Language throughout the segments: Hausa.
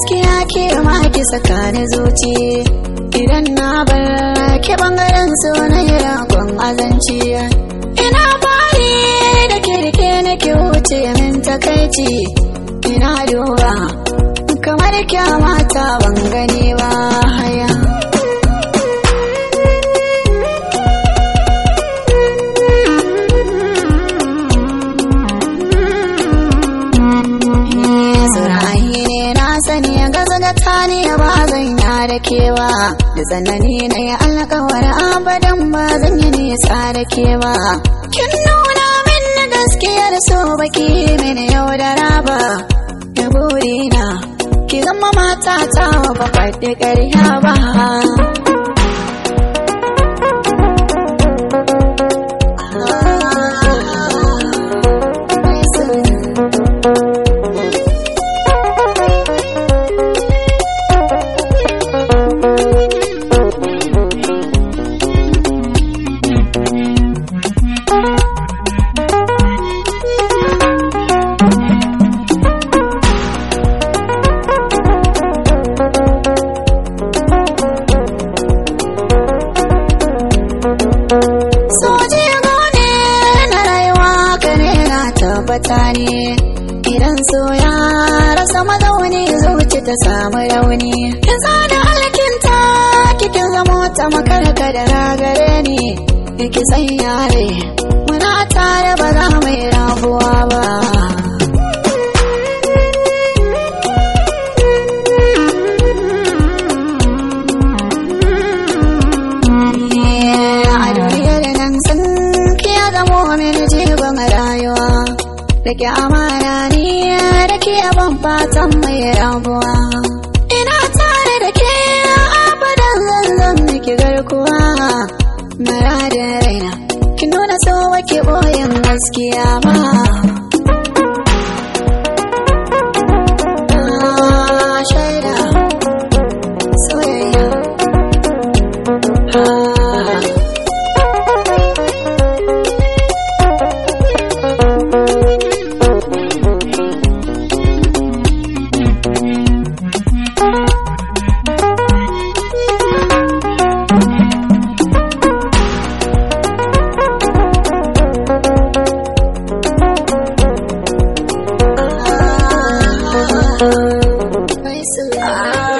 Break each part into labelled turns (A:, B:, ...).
A: gaskiya ke
B: ma ki saka zuci idan na bar ke bangaren so na azanci ina fari da kirke na ke wuce min takaici ina duba kamar kyamata ban gani ba da kewa da zanani na yi alkawar abadan ba zan yi nisa da kewa kin nuna min na gaskiyar so baki mini yau da raba da burina ki zama matata ba faɗi ƙarya ba masoya rasa mazauni zuci ta samu rauni kin tsada alkinta kikin zama ta makarka da ragare ni ki sanya rai muna tare ba za mu yi rabuwa ba que ama zan mai rabuwa ina tare da ke abadan zan miki garkuwa muradin raina ki nuna so wake boyin gaskiya ba
A: alive.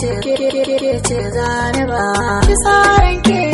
B: ce ke zane ba ki sa ranke